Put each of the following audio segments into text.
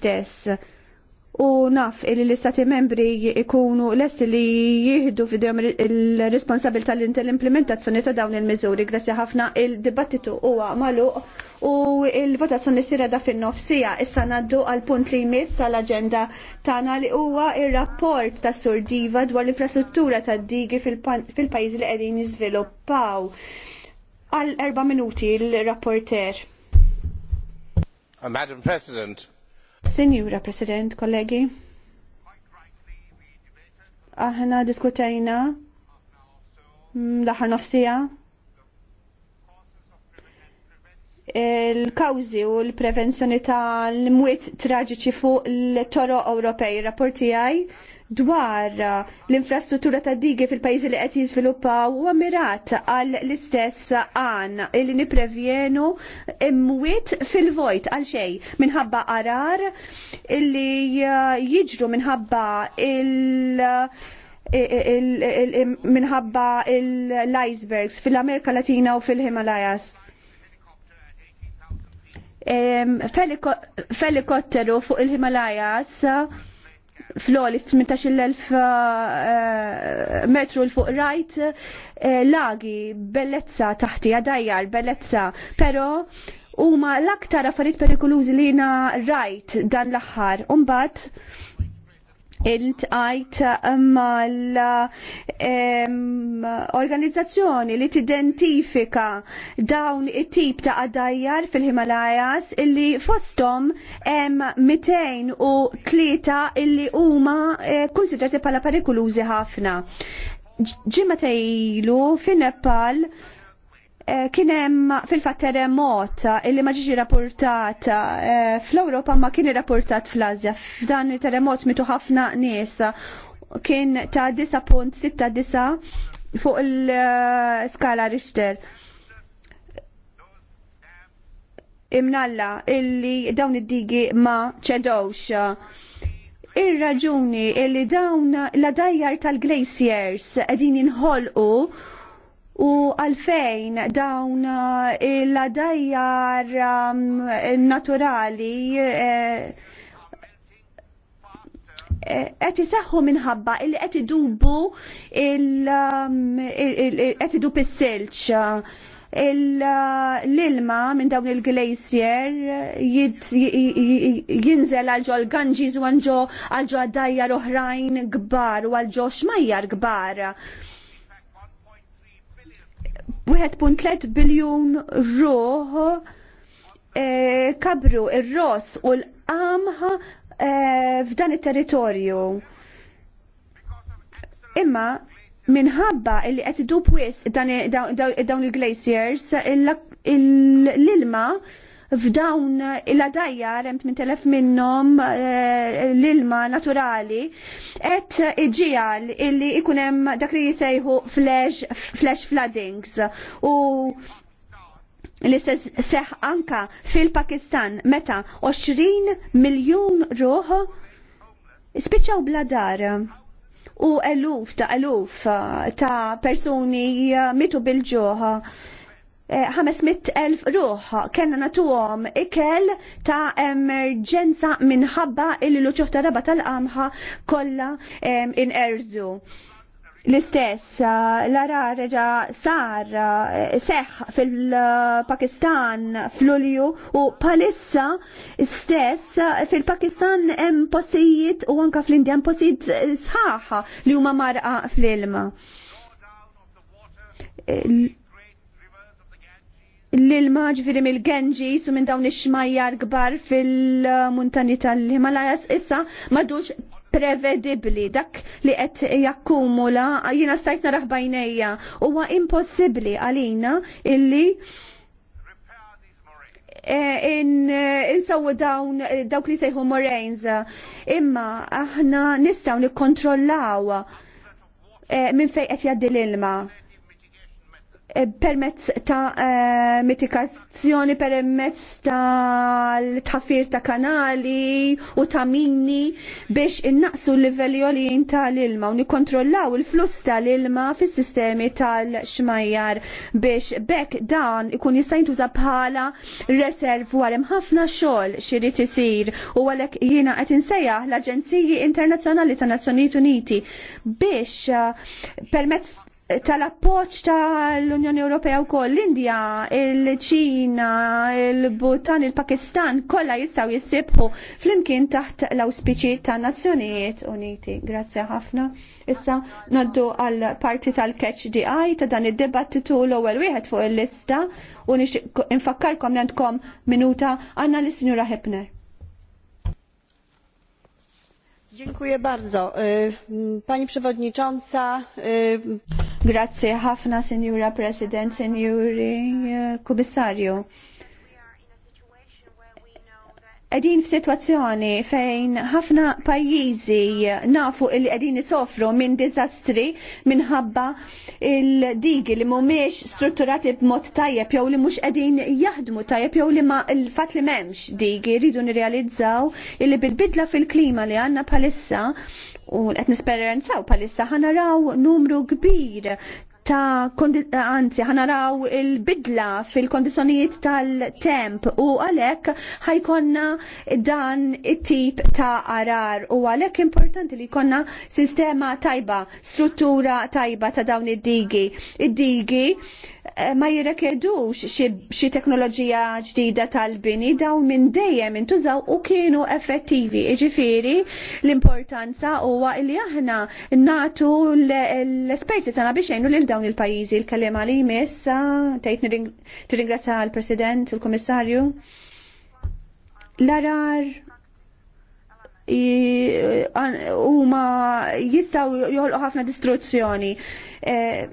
stess u naf li l-istati membri ikunu lesti li jihdu fidejom il-responsabilta l-implementazzjoni ta' dawn il-mizuri. Grazie ħafna il-dibattitu huwa maluq u il-votazzjoni sira da fin-nofsija. Issa naddu għal punt li jmiss tal-agenda tagħna li huwa il rapport ta' Surdiva dwar l-infrastruttura ta' digi fil-pajjiż li qegħdin jiżviluppaw. Għal erba' minuti l rapporter uh, Madam President, Sinjura President, kollegi, aħna diskutejna mm, l-aħħar nofsija l-kawzi u l-prevenzjoni tal-mwiet traġiċi fuq l-toro Ewropej. Rapporti għaj dwar l-infrastruttura ta' digi fil-pajzi li qed jizviluppa u mirat għal l-istess għan li niprevjenu mwiet fil-vojt għal xej minħabba arar illi uh, jiġru minħabba il- minħabba l-icebergs fil-Amerika Latina u fil-Himalayas felikotteru fuq il-Himalayas fl-oli 18.000 eh, metru l-fuq rajt eh, lagi bellezza taħti għadajjar bellezza pero huma l-aktar affarijiet perikolużi li jina rajt dan l-aħħar. Umbat, il-tqajt mal-organizzazzjoni li t-identifika dawn it-tip ta' għaddajjar fil-Himalajas illi fostom em 203 illi huma eh, konsidrati pala perikolużi ħafna. Ġimma tejlu fin Nepal Eh, kienem fil-fat terremota illi ma ġiġi rapportat eh, fl-Europa ma kien rapportat fl-Azja. F'dan il-terremot mitu ħafna nies kien ta' 10.69 fuq il-skala Richter. Imnalla illi dawn id-digi ma ċedowx. Ir-raġuni illi dawn la dajjar tal-glaciers edin jinħolqu u għalfejn dawn il-dajjar eh, um, naturali eh, eh, qed iseħħu minħabba illi qed idubu um, qed idub is-silġ uh, l-ilma minn dawn il-glacier jinżel għal ġo l-Ganġis u għal ġo għal ġo għaddajjar oħrajn gbar u għal ġo xmajjar gbar. 1.3 biljun roħ e, eh, kabru il ros u l-qamħa e, eh, f'dan it-territorju. Imma minħabba illi qed idub wis dawn il-glaciers l-ilma il glaciers il ilma il f'dawn il-għadajja minn 8000 minnom eh, l-ilma naturali et iġijal illi ikunem dak li jsejħu flash floodings u li seħ anka fil-Pakistan meta 20 miljon ruħ spiċċaw bla dar u eluf ta' eluf ta' persuni mitu bil-ġoħa 500.000 eh, ruħ kena natuhom ikel ta' emerġenza minħabba illi l-uċuħ raba tal-qamħa kolla in-erdu. L-istess, eh, l-ara reġa sar eh, seħ fil-Pakistan fl-Ulju u palissa stess fil-Pakistan hemm postijiet u anka fl-Indja hemm postijiet sħaħa li huma marqa fl-ilma l-ilma ġifiri mill-Genġis u minn dawn ix-xmajjar kbar fil-muntani tal himalajas issa madux prevedibli dak li qed jakkumula jiena stajt naraħ bajnejja huwa impossibbli għalina illi eh, in insawu dawn dawk li sejħu moraines imma aħna nistgħu nikkontrollaw eh, minn fejn qed jgħaddi l-ilma Eh, permezz ta' eh, mitikazzjoni, permezz ta' tafir ta' kanali u ta' minni biex innaqsu l-livelli ta' tal-ilma u nikontrollaw il-fluss tal-ilma fis sistemi tal-xmajjar biex bekk dan ikun jista' jintuża bħala reserv war ħafna xogħol xirid isir u għalhekk jiena qed insejjaħ l-Aġenziji Internazzjonali tan Nazzjonijiet Uniti biex eh, permezz tal-appoċ tal-Unjoni Ewropea u koll l-Indja, il-ċina, il-Bhutan, il-Pakistan, kolla jistaw jissibħu fl-imkien taħt l-auspiċi ta' Nazzjonijiet Uniti. Grazie ħafna. Issa naddu għal parti tal-Catch DI ta' dan id-debattitu l-ewwel wieħed fuq il-lista u nixtieq infakkarkom li għandkom minuta għandna l sinjura Hepner. Dziękuję bardzo. E, pani Przewodnicząca. E, Grazie, ħafna, Sinjura President, Sinjuri eh, Kummissarju. Edin f'sitwazzjoni fejn ħafna pajjiżi nafu li qegħdin isofru minn dizastri minħabba il-digi li mhumiex strutturati b'mod tajjeb jew li mhux qegħdin jaħdmu tajjeb jew li ma l-fatt li m'hemmx digi rridu nirrealizzaw illi bil-bidla fil-klima li għandna bħalissa u qed nisperjenzaw bħalissa ħanaraw numru kbir ta' eh, anzi ħanaraw il-bidla fil-kondizjonijiet tal-temp u għalek ħajkonna dan it-tip ta' arar u għalek importanti li konna sistema tajba, struttura tajba ta' dawn id-digi. Id-digi eh, ma jirrekedux xi teknoloġija ġdida tal-bini dawn minn dejjem intużaw u kienu effettivi. Iġifieri l-importanza huwa li aħna natu l-esperti tagħna biex jgħinu lil dawn dawn il-pajizi il kellem għali jmessa, ah, tajt nirringrazza l-President, il-Komissarju. L-arar huma jistaw joħolqu ħafna distruzzjoni. Eh,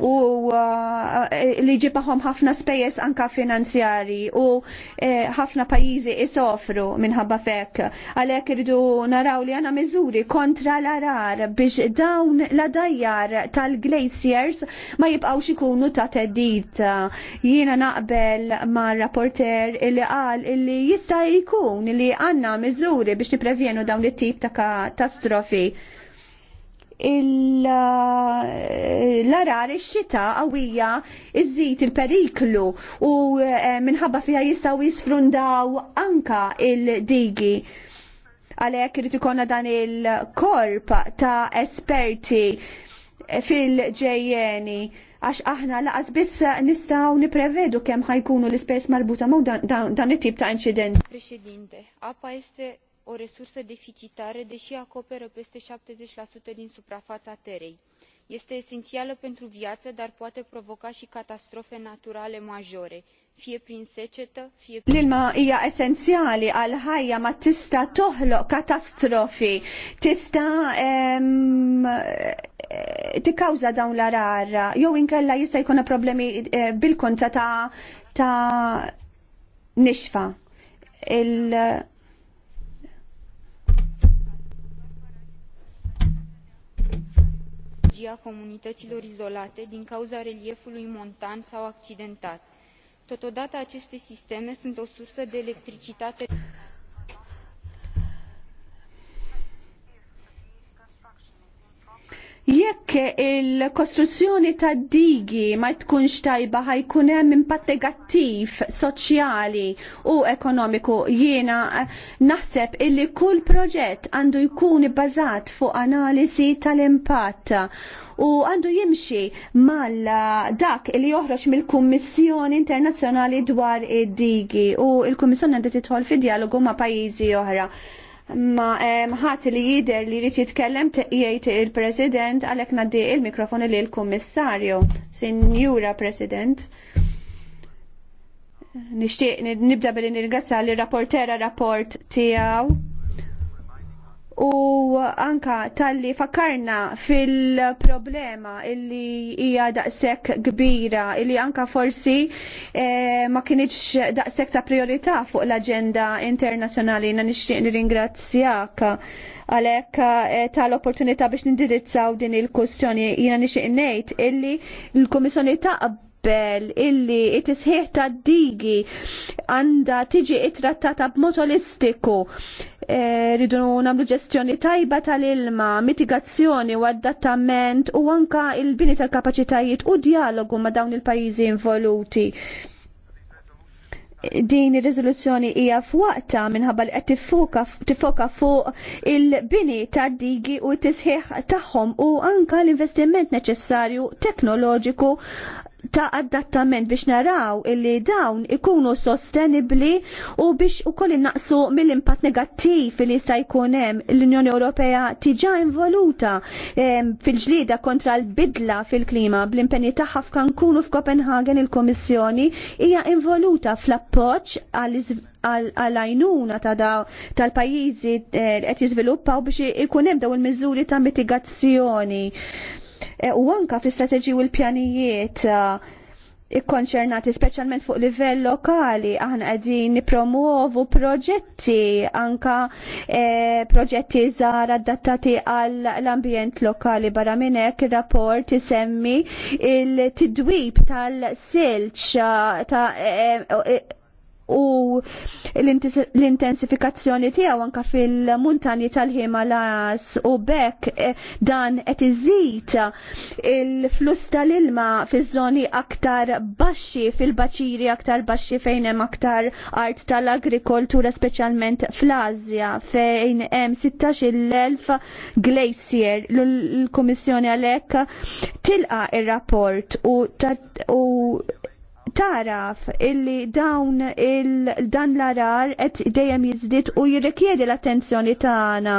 u uh, eh, li ġibahom ħafna spejjeż anka finanzjari u eh, ħafna pajjiżi isofru minħabba fekk. Għalhekk irridu naraw li għandna miżuri kontra l-arar biex dawn l-adajjar tal-glaciers ma jibqgħux ikunu ta' teddit. Jiena naqbel ma' rapporter illi qal illi jista' jkun li għandna miżuri biex niprevjenu dawn it-tip ta' katastrofi. Eh, l-arar ix-xita qawwija żit il-periklu u eh, minħabba fiha jistgħu jisfrundaw anka il-digi. Għalhekk irid ikolna dan il-korp ta' esperti fil-ġejjeni għax aħna laqas biss nistaw niprevedu kemm ħajkunu l-ispess marbuta ma' dan it-tip ta' inċident. Presidente, għapa jiste o resursă deficitară dei acoperă peste șaptezeci din suprafaa terei. este esenială pentru viaă dar poate provoca i catastrofe naturale majore fie prin secetă fie prin. l-ilma hija essenzjali għal ħajja ma tista' toħloq katastrofi tista' tikkawza dawn l-arar, jew inkella jista' jkun problemi eh, bil-konta ta' ta' nixfa. Il- tipologie a comunităților izolate din cauza reliefului montan sau accidentat. totodată aceste sisteme sunt o sursă de electricitate. Jekk il-kostruzzjoni ta' digi ma tkunx tajba ħajkun hemm impatt negattiv soċjali u ekonomiku jiena eh, naħseb illi kull proġett għandu jkun ibbażat fuq analisi tal-impatt u għandu jimxi mal eh, dak li joħroġ mill-Kummissjoni Internazzjonali dwar id-digi u l kummissjoni għandha titħol fi dialogu ma' pajjiżi oħra ma ħadd li jider li jrid jitkellem jgħid il-President għalhekk ngħaddi il-mikrofon li l-Kummissarju. Sinjura President. Nixtieq nibda billi nirgazza li rapportera rapport tiegħu u anka talli fakarna fil-problema illi hija daqshekk kbira illi anka forsi eh, ma kienieċ daqshekk ta' priorità fuq l-aġenda internazzjonali na nixtieq nirringrazzjak għalek eh, tal-opportunità biex nindirizzaw din il-kustjoni jina nixtieq ngħid illi l-Kummissjoni taqbel qabel illi it tisħiħ ta' digi għandha tiġi ittrattata b'mod olistiku Eh, rridu nagħmlu ġestjoni tajba tal-ilma, mitigazzjoni u adattament u anka il-bini tal-kapaċitajiet u dialogu ma' dawn il-pajjiżi involuti. Din ir-riżoluzzjoni hija f'waqta minħabba li qed tifoka fuq il-bini tad-digi u t-tisħiħ tagħhom u anka l-investiment neċessarju teknoloġiku ta' adattament biex naraw illi dawn ikunu sostenibli u biex ukoll innaqsu mill-impatt negattiv li jista' jkun hemm l-Unjoni Ewropea tiġa involuta fil-ġlieda kontra l-bidla fil-klima bl-impenni tagħha f'Kankun f'Copenhagen f'Kopenhagen il kummissjoni hija involuta fl-appoġġ għal-għajnuna tal-pajjiżi eh, qed jiżviluppaw biex ikun hemm dawn il-miżuri ta' mitigazzjoni. Eh, u anka fl-istrateġi u l-pjanijiet eh, ikkonċernati speċjalment fuq livell lokali aħna qegħdin nipromuovu proġetti anka e, proġetti żgħar adattati għall ambjent lokali barra minn hekk ir-rapport isemmi il-tidwib tal-silġ ta' e, e, u l-intensifikazzjoni tiegħu anka fil-muntanji tal-Himalas u bekk eh, dan qed iżid il-flus tal-ilma fiż-żoni aktar baxxi fil-baċiri aktar baxxi fejn hemm aktar art tal-agrikoltura speċjalment fl-Asja fejn hemm 16,000 glacier l-Kummissjoni għalhekk tilqa ir-rapport u taraf illi dawn il dan l-arar qed dejjem jizdit u jirrikjedi l-attenzjoni tagħna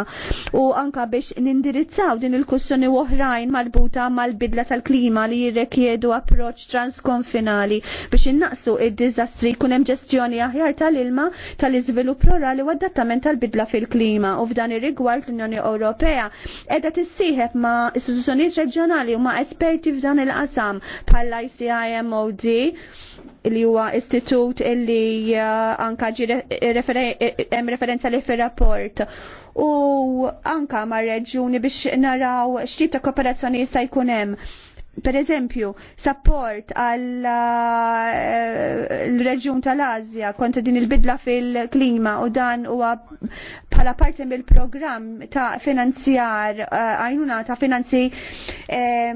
u anka biex nindirizzaw din il-kussjoni oħrajn marbuta mal-bidla tal-klima li jirrikjedu approċċ transkonfinali biex innaqsu id-diżastri jkun hemm ġestjoni aħjar tal-ilma tal-iżvilupp rurali u adattament tal-bidla fil-klima u f'dan ir-rigward l-Unjoni Ewropea qiegħda tissieħeb ma' istituzzjonijiet reġjonali u ma' esperti f'dan il-qasam bħall-ICIMOD li huwa istitut illi uh, anka ġi hemm referenza li fir-rapport u anka mar reġuni biex naraw x'tip ta' kooperazzjoni jista' jkun hemm per eżempju, support għal eh, l-reġjun tal-Azja kontra din il-bidla fil-klima u dan huwa bħala parti mill-programm ta' finanzjar eh, għajnuna ta' finanzi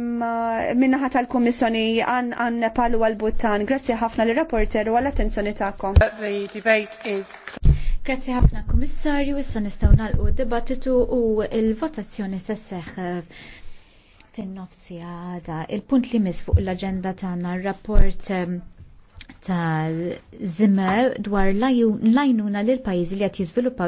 minnaħa tal-Kummissjoni għan għan palu għal-Buttan. Grazzi ħafna l-rapporter u għall-attenzjoni ta'kom. Grazzi ħafna Komissarju, issa nistgħu nagħlqu d debattitu u l-votazzjoni se seħħ Fin-nofsi għada, il-punt li mis fuq l-agenda tagħna r-rapport um, tal-Zimmer dwar lajnuna l pajjiżi li qed jiżviluppaw